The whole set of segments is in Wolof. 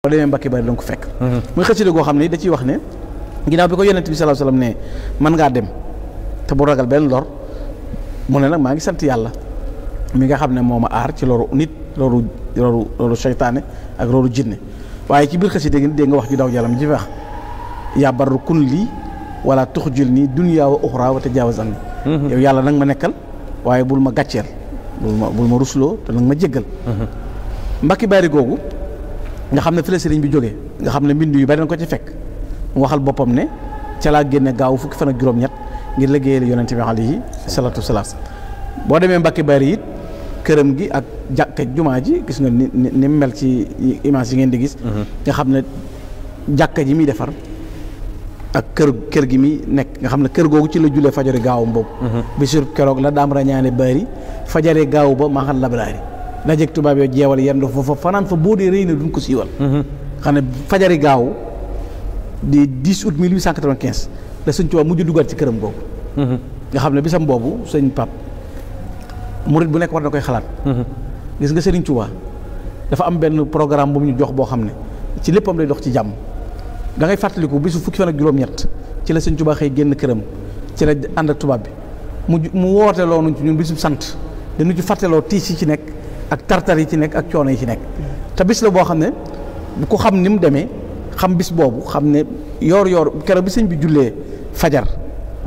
boo demee Mbacke Bari donc fekk mhm. muy xasida goo xam ne da ciy wax ne ginnaaw bi ko yonent bi sallallahu alayhi wasallam ne man ngaa dem te bu ragal benn lor mu ne nag maa ngi sant yàlla mi nga xam ne moo ma aar ci loru nit loru loru loru seytaane ak loru jinne waaye ci biir xasida gi dégg nga wax ju daw yaram ji wax yaa barru kun lii wala tuxjul nii dunyaa wa uxraa wa tajaawaz anni mhm. yow yàlla nag ma nekkal waaye bul ma gàcceel bul ma ma rusloo te nag ma jéggal mhm. Mbacke Bari nga xam ne fi la sëriñ bi jógee nga xam ne mbind yu bari na ko ci fekk mu waxal boppam ne ca laa génne gaaw fukki fan ak juróom-ñett ngir liggéeyal yonente bi alayhi salaatu salaam boo demee Mbàkke Bari it këram gi ak jàkka jumaa ji gis nga ni ni mel ci image yi ngeen di gis. Mhm. nga xam ne jàkka ji muy defar ak kër kër gi muy nekk nga xam ne kër googu ci la jullee fajari gaawam boobu. Mhm. bi sur keroog la daam rañaane bari fajare gaaw ba maaxal labaraari dajeeg tubaab yoo jeewal yendu foofa fanaan fa boo dee rëy na duñ ko siiwal. Mhm. xam ne fajari gaaw di 10 août 1895 la sëñ Tuubaa mujj duggaat ci këram googu. Mhm. nga xam ne bisam boobu sëñ Pape murit bu nekk war na koy xalaat. Mhm. gis nga Serigne Touba dafa am benn programme bu mu ñu jox boo xam ne ci léppam lay dox ci jàmm da ngay fàttaliku bisu fukki fan ak juróom-ñett ci la Serigne Touba xëy génn këram ci la ànd ak tubaab bi mu mu woote loo ñun bisu sant dañu ci fàttaloo tiis yi ci nekk. ak tartar yi ci nekk ak coono yi ci nekk te bis la boo xam ne ku xam ni mu demee xam bis boobu xam ne yoor yoor keroog bi sëñ bi jullee fajar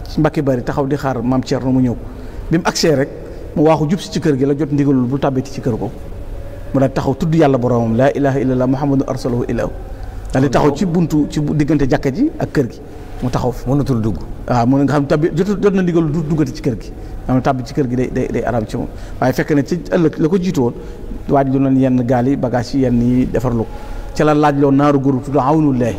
ci mbakki bari taxaw di xaar maam Thierno mu ñëw bi mu agsee rek mu waaxu jub si ci kër gi la jot ndigalul bu tàbbati ci kër ko mu daal taxaw tudd yàlla boromam laa ilaha illallah muhammadun arsalahu ilahu daal di taxaw ci buntu ci diggante jàkka ji ak kër gi mu taxaw fi mënatul dugg waaw mën nga xam tabbi jotu jot na ndigal du duggati ci kër gi am na tàbbi ci kër gi day day day arab ci moom waaye fekk na ci ëllëg la ko jiitu woon waaj lu nañ yenn gaal yi bagage yi yenn yi defarlu ko ca la laaj loo naaru góor tudd awnullaahi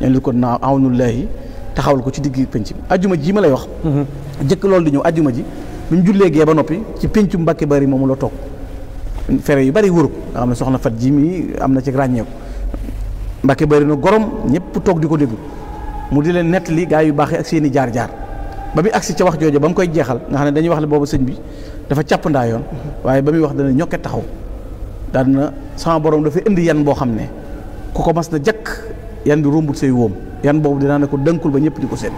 ñen li ko naa awnullaahi taxawal ko ci digg penc bi ji ma lay wax mhm. jëkk loolu di ñëw ajuma ji bi mu ba noppi ci pencu Mbàkke Bari moomu la toog fere yu bari wër ko nga soxna fat ji mi am na ci ràññeeku Mbàkke Bari na gorom ñëpp toog di ko déglu mu di leen nettali gaa yu baax yi ak seen jaar jaar ba muy agsi ca wax jooju ba mu koy jeexal nga xam ne dañuy wax ne boobu sëñ bi dafa càpp ndaa yoon waaye ba muy wax dana ñokke taxaw daan na sama boroom dafa indi yan boo xam ne ku ko mas na jëkk yan bi rombut say wóom yan boobu dinaa ne ko dënkul ba ñëpp di ko seen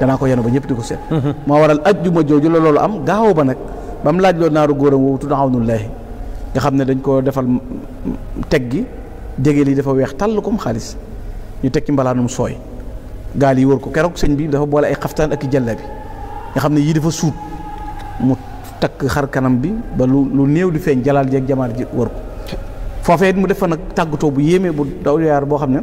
danaa ko yenu ba ñëpp di ko seen mhm. moo waral ajjuma jooju la loolu am gaaw ba nag ba mu laaj loo naaru góoram woowu tudd awnullaahi nga xam ne dañ ko defal teg gi jege dafa weex tàll comme xaalis ñu teg ci mbalaanum sooy gal yi wor ko kérok señ bi dafa bolé ay xaftan ak jalla bi nga xamné yi dafa suut mu tak xar kanam bi ba lu lu néew di feñ jalal jek jamaar ji wor ko fofé it mu def nak nag bu yéme bu daw yar bo xamné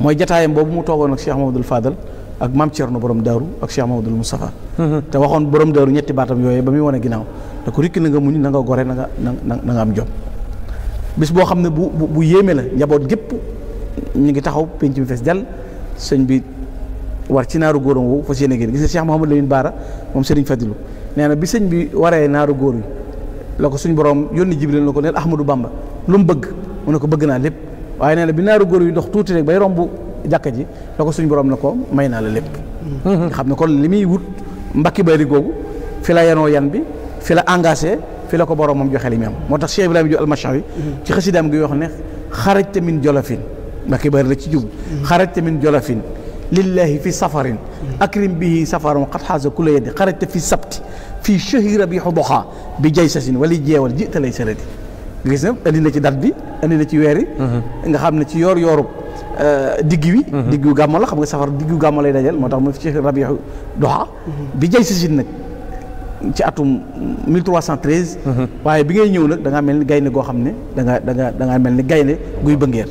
moy jotaayam bobu mu togon ak Cheikh Mamadou Fadal ak mam cierno borom daaru ak Cheikh Mamadou mustafa mm-hmm. te waxon borom daaru ñetti batam yoy ba mi wane ginaaw da ko rikk na nga muñ na nga gore na nga na nga am job bis bo xamné bu bu yéeme la njabot gep ñi ngi taxaw penc mi fess dal sëñ bi war ci naaru góoram woowu fas yéene génn gis nga Cheikh Mouhamadou Lamine Baara moom sëriñ Fadilu nee bi sëñ bi waree naaru góor yi la ko suñ borom yónni Jibril na ko neel Ahmadou Bamba lu mu bëgg mu ne ko bëgg naa lépp waaye nee na bi naaru góor yi dox tuuti rek bay romb jàkka ji la ko suñ borom na ko may naa la lépp nga mm-hmm. xam ne kon li muy wut mbakki bari googu fi la yanoo yan bi fi la engagé fi la ko borom moom joxe li mu am moo tax Cheikh Mbacke Bari la ci jub xarajte min jolofin lillahi fi safarin akrim bihi safaran qad xaasa kula yeddi xarajte fi sabti fii shahi rabihu doxa bi jay sasin wala jeewal ji talay sarati gis na andi na ci dat bi andi na ci weeri nga xam ne ci yoor yoorub digg wi digg yu gàmma la xam nga safar digg yu gàmma lay dajal moo tax mu fi shahi rabihu doxa bi jay sasin nag ci atum 1313 waaye bi ngay ñëw nag da ngaa mel ni gaynde goo xam ne da nga da nga da ngaa mel ni gaynde guy bëngeer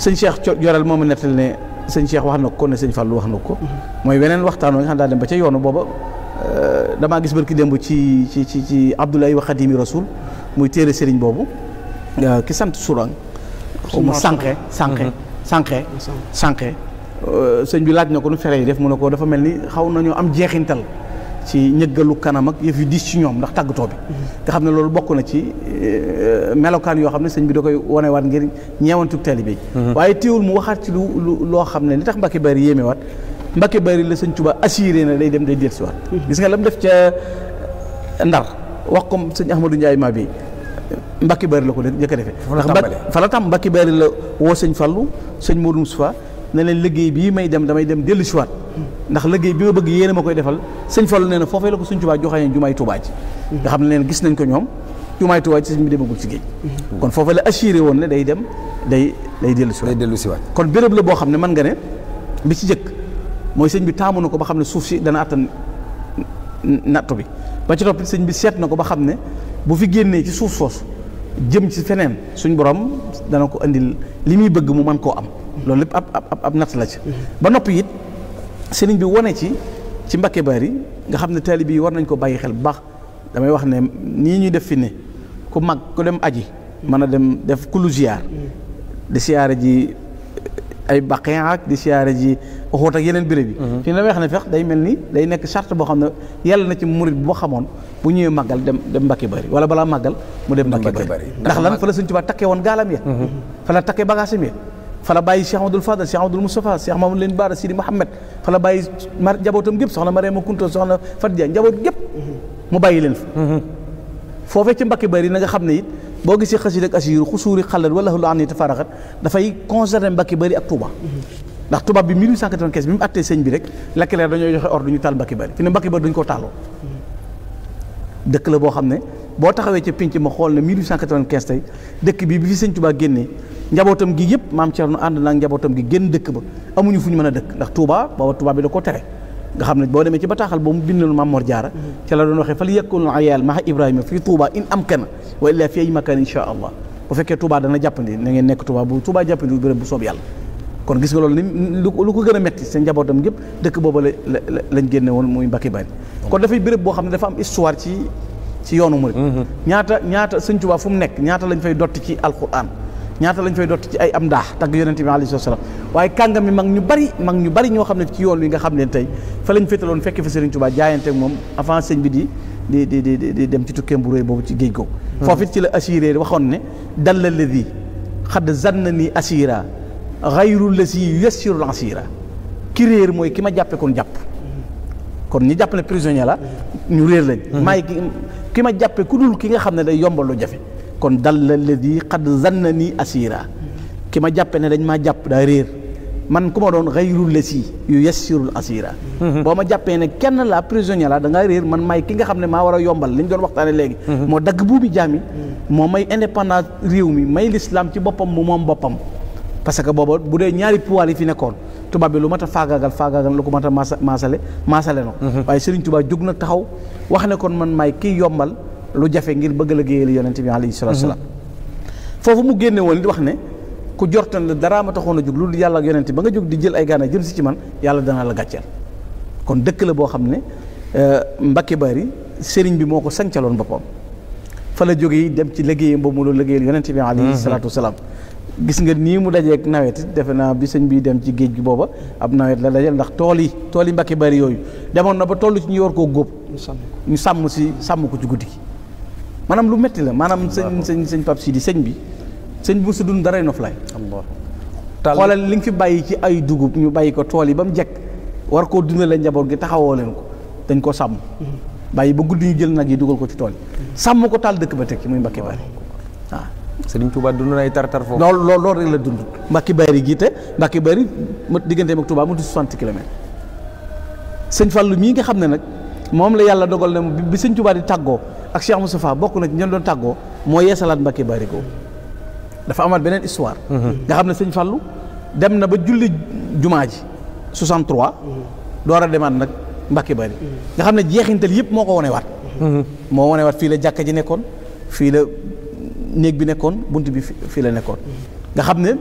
sëñ Cheikh Joral moom a nettali ne sëñ Cheikh wax na ko ne sëñ Fallou wax na ko. Mhm. mooy weneen waxtaan nga xam daa dem ba ca yoonu booba euh, damaa gis barki démb ci ci ci ci Abdoulaye wa Xadimi Rasul muy téere sëriñ boobu euh, ki sant Sourang. xaw ma sànqe sànqe sànqe sànqe sëñ bi laaj na ko nu fere yi def mu ne ko dafa mel ni xaw nañu am jeexintal. ci ñëggalu kanam ak yëf yu diis ci ñoom ndax tàggatoo bi nga xam ne loolu bokk na ci euh, melokaan yoo xam ne sëñ bi da koy waat ngir ñeewantug taalibe bi mhm. waaye teewul mu waxaat ci lu lu loo xam ne li tax Mbacke Bari yéeme waat Mbacke Bari la sëñ Tuubaa assuré na day dem day dellusi waat mhm. gis nga la mu def ca euh, Ndar wax comme sëñ Ahmadou njaay maa bi Mbacke Bari la ko njëkk a defee fa la mbakki Mbacke Bari la woo sëñ Fallou sëñ Modou Moustapha ne leen liggéey bii may dem damay dem dellu siwaat ndax liggéey bi ma bëgg yéen a ma koy defal sëñ Fallu nee na foofee la ko sëñ Tuubaa joxee jumaay Tuubaa ji nga xam ne leen gis nañ ko ñoom jumaay Tuubaa ji sëñ bi demagul ci géej kon foofee la assuré woon ne day dem day day dellu siwaat day dellu siwaat kon béréb la boo xam ne mën nga ne bi ci jëkk mooy sëñ bi taamu na ko ba xam ne suuf si dana attan nattu bi ba ci topp sëñ bi seet na ko ba xam ne bu fi génnee ci suuf soosu jëm ci feneen suñ borom dana ko andil li muy bëgg mu mën koo am loolu lépp ab ab ab natt la ci. ba noppi it seniñ bi wane ci ci Mbàkke Bari nga xam ne taalibe yi war nañ ko bàyyi xel bu baax damay wax ne nii ñuy def fi ne ku mag ku dem aji. mën a dem def ku lu di siyaare ji ay baqin ak di siyaare ji xoot ak yeneen béréb yi. Mhm. fi damay wax ne fex day mel ni day nekk charte boo xam ne yàlla na ci murit boo xamoon bu ñëwee màggal dem dem Mbàkke Bari wala balaa màggal mu dem Mbàkke Bari ndax lan fa la Sëriñ Tuubaa takkee woon gaalam ya mhm. la takkee bagaasam ya فلا باي شيخ عبد الفضل شيخ عبد المصطفى شيخ محمد لين بار سيدي محمد فلا باي مار جابوتم جيب سخنا مريم كنت سخنا فرديان جابوت جيب مو باي لين فوفي تي مباكي بري نغا خامني بو غيسي خسيد اك اسير خسور خلل والله لا ان يتفارغ دا فاي كونسيرن مباكي بري اك توبا دا توبا بي 1895 ميم اتي سيغ بي ريك لا كلير دا نيو جوخي اور دو ني تال مباكي بري في مباكي بري دنجو تالو دك لا بو خامني بو تاخاوي تي بينتي ما خول 1895 تاي دك بي بي سيغ توبا генي njabootam gi yëpp maam Thierno ànd naa njabootam gi génn dëkk ba amuñu fu ñu mën a dëkk ndax Touba booba Touba bi da ko tere nga xam ne boo demee ci bataaxal boo mu bindal Maam Mor Jaara ca la doon waxee fal yakun ayaal maa Ibrahima fii Touba in amkana wa illaa fi ay makaan insha allah bu fekkee Touba dana jàppandi na ngeen nekk Touba bu Touba jàppandi bu béréb bu soob yàlla kon gis nga loolu ni lu ko gën a metti seen njabootam gépp dëkk booba la génne woon muy Mbacke Bari kon dafay béréb boo xam ne dafa am histoire ci ci yoonu murid mm-hmm. ñaata ñaata sëñ Touba fu mu nekk ñaata lañ fay dotti ci alquran ñaata lañ fay dott ci ay am ndaax tagg yonente bi alayhi salaam waaye kàngam mi mag ñu bari mag ñu bari ñoo xam ne ci yoon wi nga xam ne tey fa lañ féetaloon fekk fa Serigne Touba jaayante ak moom avant sëñ bi di di di di di dem ci tukkeem bu réy boobu ci géej googu hmm. foofu it ci la assuré waxoon ne dal la ladi xadd zanna ni assira xayru lasi yassirul asira ki réer mooy ki ma jàppe kon jàpp kon ñi jàpp ne prisonnier la ñu réer lañ hmm. maay ki ma jàppe ku dul ki nga xam ne day yombal jafe kon dal la ladi xad zanna ni asira ki ma jàppe ne dañ maa jàpp daa réer man ku ma doon xayrul lasi yu yassirul asira mhm. boo ma jàppee ne kenn laa prisonnier la da ngaa réer man may ki nga xam ne maa war a yombal li ñu doon waxtaane léegi mhm. moo dagg buubi jaam yi mhm. moo may indépendance réew mi may lislaam ci boppam mu moom boppam parce que booba bu dee ñaari pouvoir yi fi nekkoon tubaab yi lu mat a faagaagal faagaagal lu ko mat a maasale maasale no waaye Serigne Touba jóg na taxaw wax ne kon man maay kiy yombal lu jafe ngir bëgg liggéeyal yonent bi alayhi salaatu salaam foofu mu génne woon di wax ne ku jortan la daraa ma taxoon a jóg loolu yàlla ak yonent ba nga jóg di jël ay gaana jëm si ci man yàlla dana la gàcceel kon dëkk la boo xam ne euh, Mbakke Bari sëriñ bi moo ko sancaloon boppam fa la jógee dem ci liggéeyam ba mu doon liggéeyal yonent bi alayhi mhm. salaatu salaam gis nga nii mu dajeeg nawet defe naa bi sëñ bi dem ci géej gi booba ab nawet la dajal ndax tool yi tool yi Mbakke Bari yooyu demoon na ba toll ci ñu yor koo góob ñu sàmm si sàmm ko ci guddi gi maanaam lu metti la maanaam sëñ sëñ sëñ Pape Sidi sëñ bi sëñ bi mosu dund daray noflaay xoolal li nga fi bàyyi ci ay dugub ñu bàyyi ko tool yi ba mu jekk war koo dundale njaboot gi taxawoo leen ko dañ ko sàmm mhm. bàyyi ba guddi ñu jël nag yi dugal ko ci tool yi mhm. sàmm ko taal dëkk ba tekki muy Mbacke Bari waaw Sëriñ Touba dund na ay tartar foofu loolu loolu loolu rek la dund Mbacke Bari gii te Mbacke Bari diggante ak Touba mu di 60 kilomètres sëñ Fallou xam ne nag moom la yàlla dogal na bi sëñ di tàggoo ak Cheikh Moustapha bokk na ñeen doon tàggoo moo yeesalaat Mbacke Barigo dafa amal beneen histoire mhm. nga xam ne sëñ Fallu dem na ba julli jumaa ji 63 door a demaat nag Mbacke Bari mhm. nga xam ne jeexintal yëpp moo ko wane waat mhm. moo wane waat fii la jàkka ji nekkoon fii la néeg bi nekkoon bunt bi fii la nekkoon nga xam ne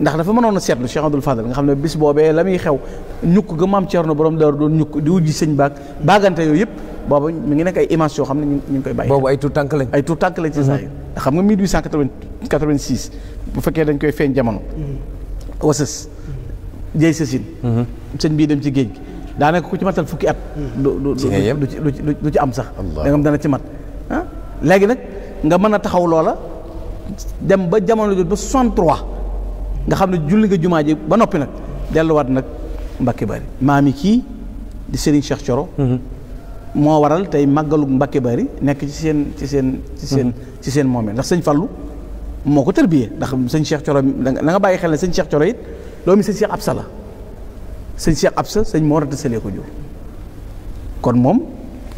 ndax dafa mënoon a seetlu Cheikh Abdoul Fadal nga xam ne bis boobee la muy xew ñukk ga maam na borom daaru doon ñukk di wujji sëñ baag baagante yooyu yëpp boobu mi ngi nekk ay images yoo xam ne ñu ñu koy bàyyi. boobu ay tout tànk lañ. ay tout tànk lañ ci saa yi. Mm-hmm. xam nga 1886 bu fekkee dañ koy feeñ jamono. wasës. jëy sësin. sëñ bii dem ci géej gi daanaka ku ci matal fukki at. Mm-hmm. du du du ci am sax. da nga dana ci mat. ah léegi nag nga mën a taxaw loola dem ba jamono jooju ba 63 nga xam ne julli nga jumaa ji ba noppi nag delluwaat nag Mbacke Bari maami kii di Serigne Cheikh Thioro. Mm-hmm. moo waral tey màggalug Mbàkke Bari nekk ci seen ci seen ci mm-hmm. seen ci seen ndax sëñ Fallu moo ko tërbiyee ndax sëñ Cheikh Coro da nga bàyyi xel ne sëñ Cheikh Coro sa loolu mi sëñ Cheikh Absa la sëñ Cheikh Absa sëñ moo rata sëlee ko jur kon moom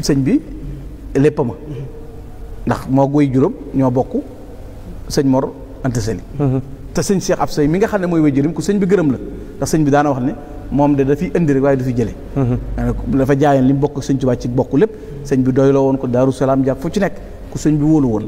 sëñ bi lépp ma ndax moo goy juróom ñoo bokk sëñ Mor Anta Sali mm-hmm. te sëñ Cheikh Absa mi nga xam ne mooy way jërim ku sëñ bi gërëm la ndax sëñ bi daana wax ne moom de dafiy indi rek waaye du fi jële mhm. dafa jaayoon li mu bokk sëñ Tuubaa ci bokk lépp sëñ bi doyloo woon ko Daaru Salaam jàpp ci nekk ku sëñ bi wóolu woon